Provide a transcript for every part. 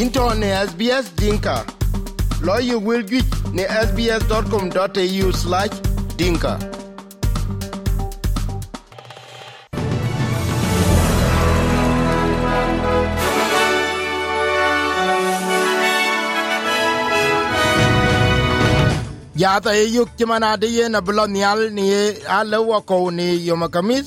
into ne SBS Dinka. Lawyer will get ne sbs.com.au slash dinka. yata ye yuk chimana de ye na blon nyal ni ye ale wako ni yomakamis.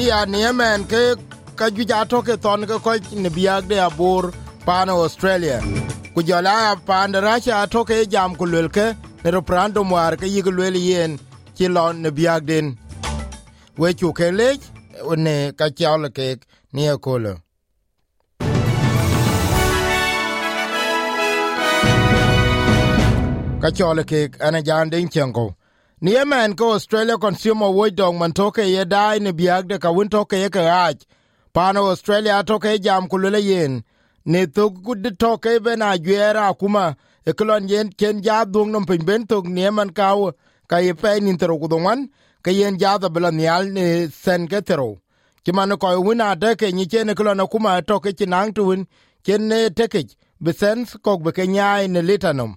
iya ni yemen ke kajuja toke ja to ton ke ko ni biag de abur pano Australia. Ku jɔl paande Russia atoke jam ku luelke ne referendum waar ke yik luel yen ci lɔ ne biakden. We cu ke leec ne kacaule kek ni ekolo. ka keek ane ana jan den chengo ni ke ko australia consumer watchdog man toke ye dai ne biag de ka win toke ye ka aj pano australia toke jam kulule yen ne tok gud de to ke be na gera kuma e klon yen ken ja dung nom pin ben tok ne man kaw ka ye pe nin tro gudongan ka yen ja da bla nyal ne sen ke tro ki man ko wina de ke ni ken klon kuma to ke tinang e tun ken ne te ke be sen ko be ke nyai e ne litanom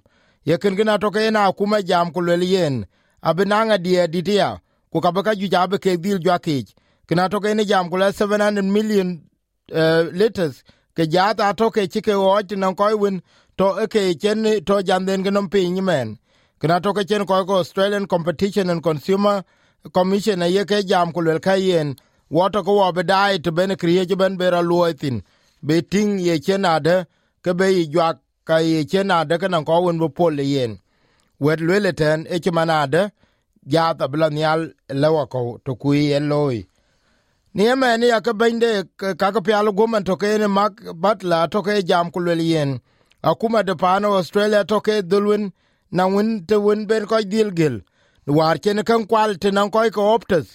ye ken gina to ke e na kuma jam ku le yen abinanga die ditia ku ka be ka ju ja be ke dil ja ke kina to ke ne jam ku le 700 million uh, liters ke ja to ke chike oj na koy win e to ke chen to jan den gnom pin men kana to ke chen ko Australian Competition and Consumer Commission ye ke jam ku le ka yen woto ko wo be dai to ben kriye ben bera luotin e be ting ye chen ade ke be i ka ye chen ade kana ko win bo pol yen wet le ten e chmanade ja ta blan yal lewa to ku loy e ni emɛn ya ke pial gomen toke ne mak batla toke jam ku luel yen akuma de paano australia toke dhulwen na wen te wen ben kɔc dhil gel war cen ken kual te naŋ kɔc ke optus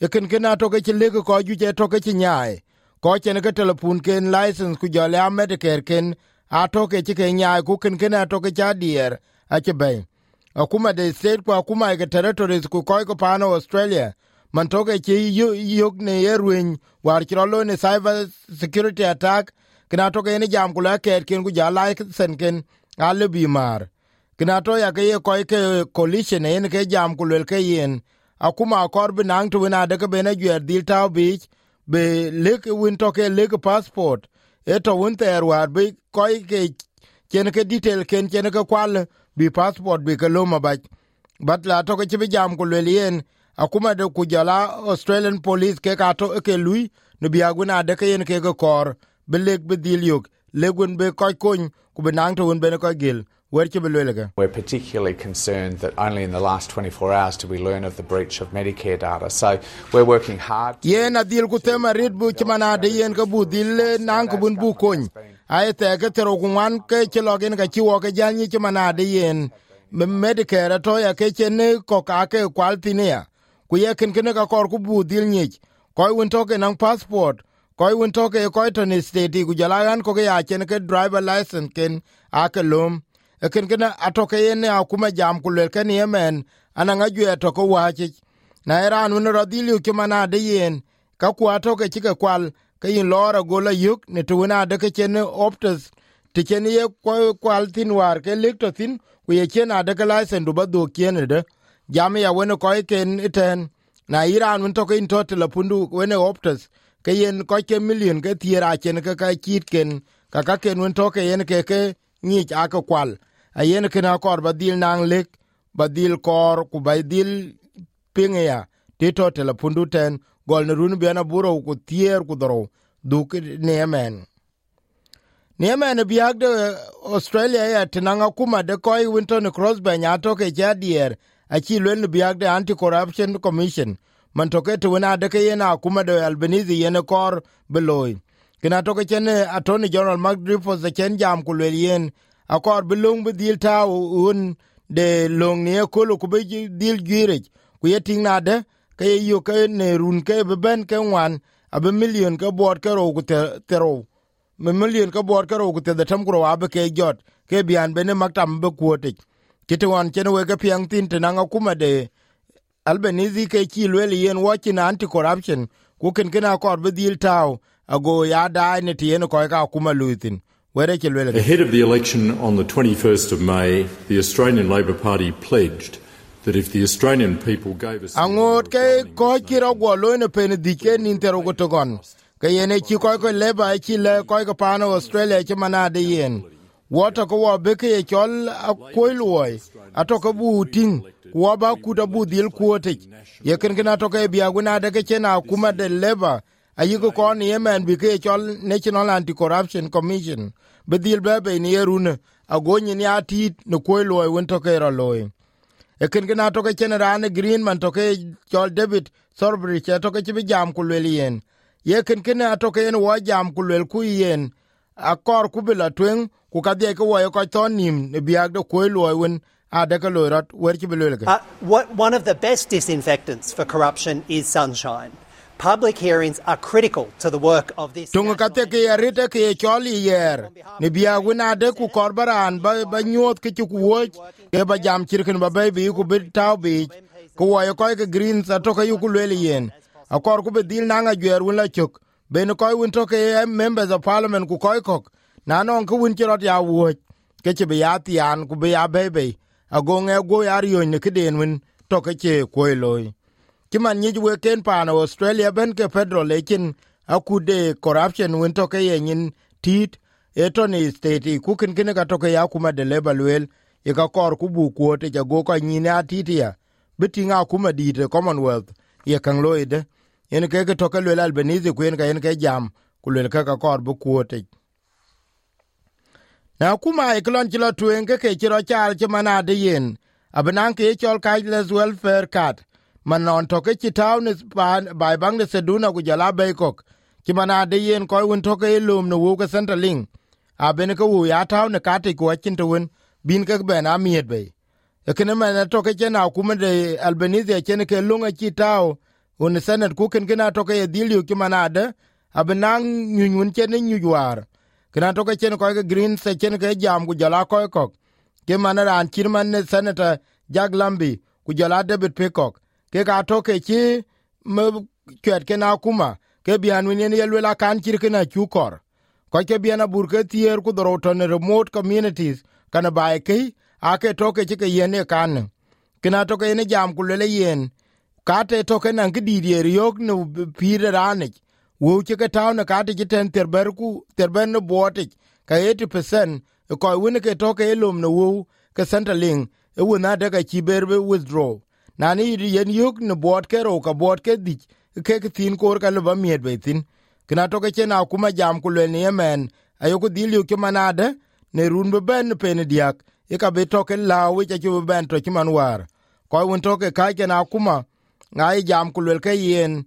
ekenkena toke ci leke kɔc juic toke ci nyaai kɔc cen ke telepun ken licence ku jɔl a mediker ken a toke ci ke nyaai ku kenkena toke ca dier aci bɛny akuma state ku akuma eke territories ku kɔc ke paano australia man toke che yok ne yerwen war kiro lo ne cyber security attack kna toke ne jam kula ker ken gu jala sen ken ale bi mar kna to ya ke ko ke coalition ne ke jam kulel ke yen akuma kor binang tu na de ke bene gyer dil ta bi be lek win toke lek passport eto won ter er war bi ko ke ken ke detail ken ken ke kwal bi passport bi ke lo ma bat bat toke ti bi jam kulel yen akuma de ku jala australian police ke ka to ke lui ne biya guna de ke yen ke kor beleg bedil yuk legun be koy kun ku benang to un be koy gel We're particularly concerned that only in the last 24 hours did we learn of the breach of Medicare data. So we're working hard. Yen adil ku tema rit bu chimana de yen ka bu dil nang ku bun bu kun. Ai e te ke tero kunwan ke chilogen ka chiwo ke jalni chimana de yen. Medicare to ya ke chene ko ka ke kwal tinia ku ye ken ken ka kor ku bu dil ni ko un to ke nan passport ko un to ke ko to ni state ku jala ko ya chen ke driver license ken a ke lum e ken ken a to ke ne a kuma jam ku le ken ye men ana nga gye to ko wa chi na iran e un ro dil ku mana de yen ka ku a to ke ti ke kwal ke yin lora gola yuk ne tu na de ke chen optus ti chen ye ko kwal tin war ke lik to tin ku ye chen a de ke license du ba do kien de jam ya wen ko ken iten na iran toke in tote la pundu wene optus ke yen ko ke million ke tiera chen ke ka chit ken ka ka ken un to yen ke ke ni ake kwal a yen ke na kor badil nang lik badil kor ku badil pingeya ti la pundu ten gol ne run biana buro ku tier ku doro duk nemen niemen bi agde australia ya tinanga kuma de koy winton crosby nya to ke ja aci lwen biak de anti commission man toke to wena de ke yena yene kor beloy kina toke chene attorney general magdri for the chen jam ku le yen akor bilung bi dil ta un de long ne ko lu ku bi ku yeti na de ke yo ke ne run ke be ben ke wan abe million ke bor ke ro ku te ro me million ke bor ke ro te de tam ku abe ke jot ke bian bene maktam be kuotik kitiwan chen weke piang tin tenang akuma de albanizi ke chi lweli yen watching anti corruption ku ken kena kor be dil ago ya dai ne tien ko ka akuma luitin were ke lwele ahead of the election on the 21st of may the australian labor party pledged that if the australian people gave us angot ke ko kiro go lo ne pen di ke nin tero go togon ke yene chi ko ko leba chi le ko ko pano australia chi mana de yen wata wɔ wa beke ye cɔl a luɔi luoy bu tïŋ ku wɔ bu dil kuote ye ken gina to ke biya guna de ke chena kuma de leba ayi ko kon yemen bi ke chol national anticorruption corruption commission be dil be be ni rune a go ni ya ti no koy luoy won to ke ro loy e ken gina to ke chena ran green man to ke chol jam ku le yen ye ken en wa jam ku le ku yen akor ku bi la tweng ku ka de ko wo ko to nim ne biag do ko lo wen uh, what, one of the best disinfectants for corruption is sunshine. Public hearings are critical to the work of this. Tungu kate ke yarite ke choli yer. Ni biya wina de ku korbaran ba ba nyot ke ku woj ke ba jam chirkin ba baby ku bit taw bi ku wa ko ke green sa to ke ku lele yen. Akor ku be dil nanga gyer la chuk. Be no ko win to ke members of parliament ku koy kok. na non ku win chirot ya wuoc ke ci bi ya thian ku bi ya bebe agoŋe go ya riony ne kiden win toke ce kuoi loi ci man nyic wek ten paano australia ben ke pedro lecin akude corruption win toke ye nyin tiit e toni state ku kenkene ka toke ya kuma deleba luel i e ka kɔr ku bu kuot ca e go kɔc nyine atiitia bi tiŋ akuma diit commonwealth ye kaŋ loide yen keke toke luel albanisi kuen ka yen ke jam ku luel keka kɔr bi kuotic e na kuma e klon ci lo tuen ke ke ci ro char ci mana de yen abenan ke chol ka les welfare kat manon to ke ci town is ban by bang de seduna gu jala bekok ci mana de yen ko un to ke e lum no wu ke centerling abene ko wu ya town ka ti ko cin to bin ke be na miet be e kene mana to ke na kuma de albanize ke ke lunga ci un senet ku ken gina to ke e dilu ci mana de abenan nyun nyun nyuwar kena toke chen ko ke green se chen ke jam gu jala ko ko ke man ran kir ne senator jag lambi ku jala debit pekok ke ka toke chi me kwet ke na kuma ke bian win ye lwela kan kir ke na chu kor ko ke bian abur ke tier ku doro to ne remote communities kana bae ke a ke toke chi ke yene kan kena toke ne jam ku le yen ka te toke na gidi ye er yok ne pire ranich wo ci ke taw na ka ti ten terber ku terber no boti ka 80% ko win e ke to e ke lum no wo ke ling e wo na de ka ci berbe withdraw na ni yen yuk no bot ke ro ka bot ke di e ke ke tin kor ka ba miet be tin kna to ke na kuma jam ku le ni men ayo ku dilu ke manade ne run be ben pe ne diak e ka be to ke la wi ke ben to ki man war ko won to ke ka ke na kuma ngai jam ku le ke yen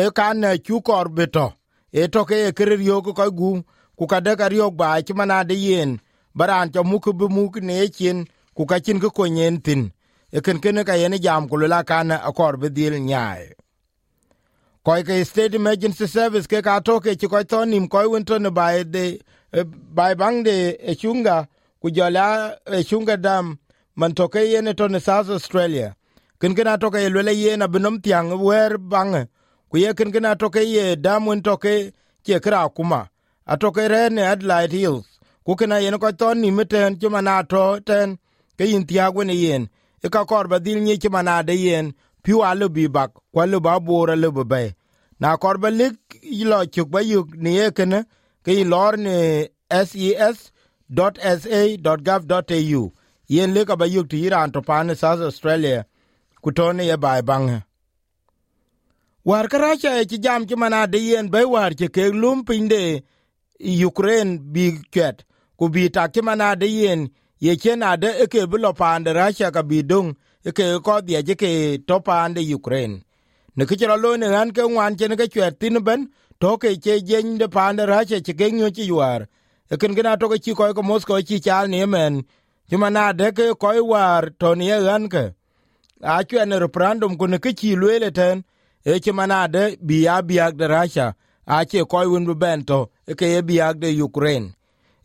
e kan chu kor beto e to ke ker yo ko gu ku ka de kar yo ba ki mana de yen baran to mu ku bu mu ne chin ku ka chin ko nyen tin e ken ken ka yen jam ku la kan a kor be dil nyae ko ke state emergency service ke ka to ke ko to nim ko won to ne ba de e, ba bang de e chunga ku jala e chunga dam man to ke yen to ne south australia ken ken a to ke e le yen a binom tiang wer bang ku yekin gina toke ye damun toke che kra kuma atoke re ne adlight hills ku kina yen ko ton ni meten chuma na to ten ke yin tiago ne yen e ka kor ba dil ni chuma na de yen pi wa lu bi bak kwa lu ba bo re lu be na kor ba lik yilo chuk ba yuk ni yekin ke yin lor ne ses.sa.gov.au yen lika ba yuk ti iran to pan South Australia ku kutone ye bai bange war karacha e ci jam ci mana de yen be war ke ke lum pinyde ukrain bi ket ku bi ta ci mana de yen ye chena de e ke bulo pande racha ka bi dung e ke ko de je ke to pande ukraine ne ke ro lo ne ran ke wan chen ke chet tin ben to ke che jen de pande racha ke ke nyu ci war e ken gna to ci ko ko mosko ci chal ne ci mana de ke ko war to ne ran ke a chwe ne referendum ku ne ke ci lwele ten eche manade bi ya biak de Russia ache koy win bu ben to ke ye biak de Ukraine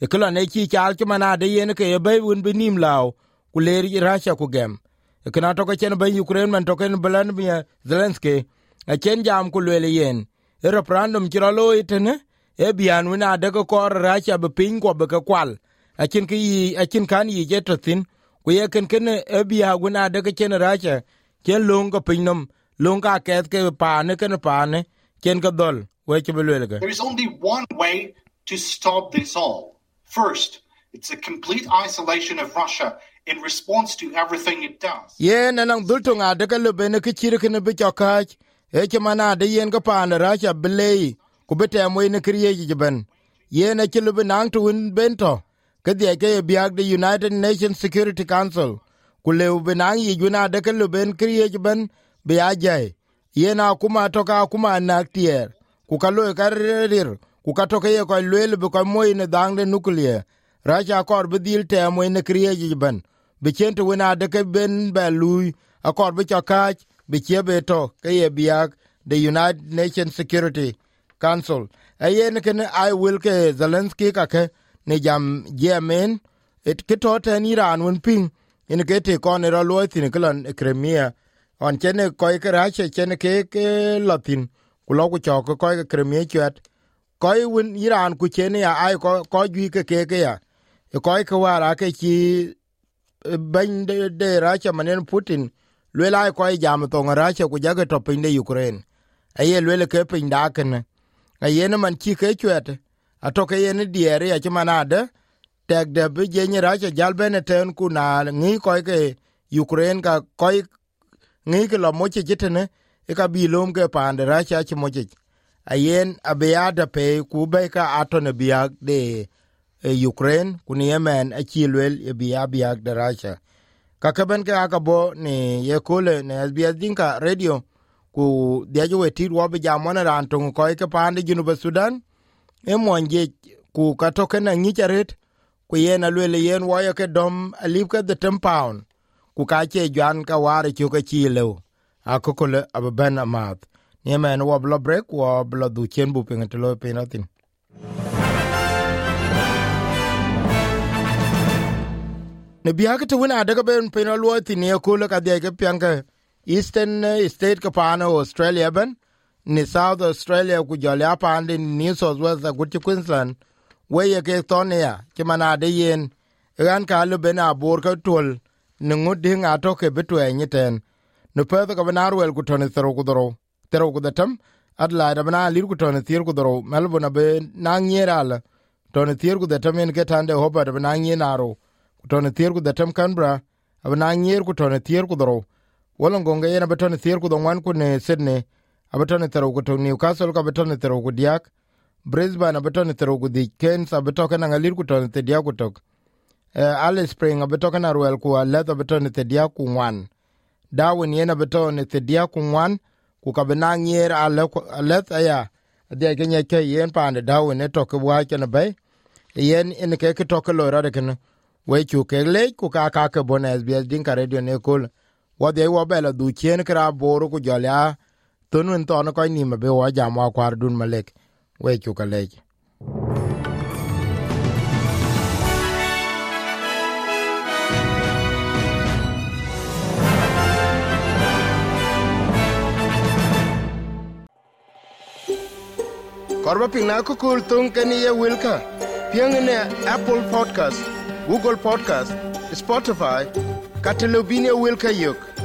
ekelo ne chi chal ke manade yen ke ye bay bi nim law ku ler Russia ku gem ekena to ke chen bay Ukraine man to ken blan bi Zelensky a chen jam ku le yen e referendum chiro lo itene e, e bian win ade ko kor Russia be pin ko be ka kwal achin ki yi achin kan yi je ku ye ken ken e biak win ade ke chen Russia chen long ko pinnom lung ka keth ke paane ken paane chen ka dol we ke belwelge there is only one way to stop this all first it's a complete isolation of russia in response to everything it does yen anang dultunga de ke lubene ke chirkene be chokach e ke mana de yen ga paane racha belei ku bete moy ne kriye jiben yen ke lubenang tuin bento ke dia ke biag de united nations security council ku lew benang yi guna de ke luben kriye jiben be ajai yena kuma toka kuma na tier ku ka lo ka rir ku ka toke ye ko lwel bu ko moy ne dangle nuklie raja kor bi dil te moy ne kriye ji ben bi chente wena de ke ben be lui akor bi ka ka bi che be to ke ye biak the united nations security council ayen ken i will ke zelensky ka ke ne jam yemen it kitoten iran un pin in ke te kon ro lo tin klon kremia e on chene koy ke chene ke ke latin kulo ku cho ko koy ke kremie chat koy win iran ku chene ya ai ko ko gi ke ke ya koy ke wara ke chi ben de de rache manen putin le la koy jam to rache ku jage to pin de ukraine aye le ke pin da ken aye ne man chi ke chat atoke ye ne diere ya chimanade tek de bi je ni rache jal ten ku na ngi koy ke Ukraine ka koy ngike la moche jitene ika ka bi lom ke pande ra chi moche ayen abeyada pe ku be ka atone biag de e, Ukraine kuni Yemen a chi lwel e biya biag de Russia ka ke akabo ka ka ni ye ne SBS dinka radio ku dia jo ti ro be ja mona ran to ko ke pande ginu be Sudan e mon ku katoke na ni ku ye na yen wayo e ke dom alipka the 10 pound ku ka che jwan ka ware chu ka chi lo a ko ko le ab ben amat ni men wo blo break wo blo du chen bu pin to lo pin atin ne biya ke tuna daga ben pin lo tin ye ko le ka de ke pian ke eastern eh, state ka australia ben ni south australia ku jole apande ni new south wales ku queensland we ye ke tonia ke mana de yen ran ka lu ben abor ka tol ne ŋot diŋ a toke bi tuɛɛc nyi tɛɛn ne pɛɛth kɔ bi na ruɛl ku tɔni thorou ku dhetem adelaide abi na alir ku tɔni thier ku dhorou melbon abi na ŋier ale tɔni thier ku dhetem en ke tande hobart abi na ŋien arou ku tɔni thier ku dhetem canbra abi na ŋier ku tɔni thier ku dhorou wolongonge yen abi tɔni thier ku dhoŋuan ku ne sydney abi tɔni thorou ku tok newcastle kɔ abi tɔni thorou ku diak brisbane abi tɔni thorou ku dhic kens abi tɔkenaŋ alir ku tɔni thidiak ku tok Eh, ale spring abetoke na ruel ku aletho beto ne thedia ku ngwan darwin yena beto ne thedia ku ngwan ku ka bena nyer aleth aya dia kenye ke yen pande darwin ne toke wa ke ne bay yen en ke ke toke lo ra ken we chu ke le ku ka ka ke sbs din radio ne kul wa de wo bela du boru ku jala tunun ton ko ni me be wa dun malek we chu ka korba pina ko kul tung kani ye wilka piangene apple podcast google podcast spotify katelobine wilka yok